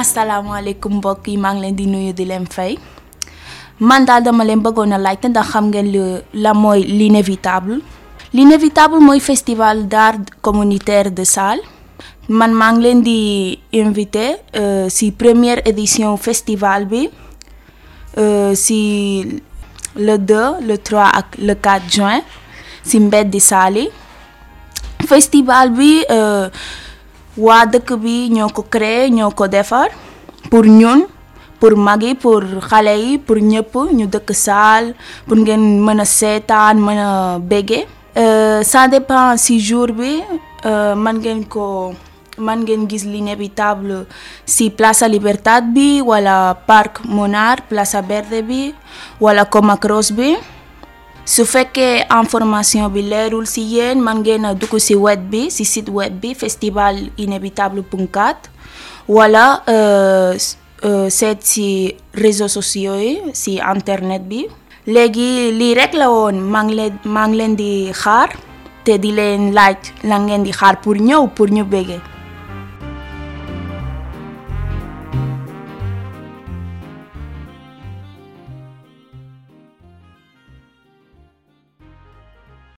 asalaamaaleykum mbokk yi maa ngi leen di nuyu di leen fay man daal dama leen bëggoon a laajte ndax xam ngeen la mooy l'inévitable l'inévitable mooy festival d'art communitaire de Salle man maa ngi leen di invité euh, si première édition festival bi euh, si le 2 le 3 ak le 4 juin si mbeddi Saali festival bi. Euh, waa dëkk bi ñoo ko créer ñoo ko defar pour ñun pour mag yi pour xale yi pour ñëpp ñu dëkk saal pour ngeen mën a seetaan mën a bége euh, ça dépend si jour bi euh, man ngeen ko man ngeen gis l'inévitable si Plaza Libertad bi wala Parc Monar Plaza Verde bi wala Comacros bi su fekkee information bi leerul si yéen man ngeen a dugg si web bi si site web bi festival inévitable point 4 wala euh, euh, seet si réseaux sociaux yi si internet bi léegi lii rek la woon maa ngi leen maa ngi leen di xaar te di leen laaj la ngeen di xaar pour ñëw pour ñu bége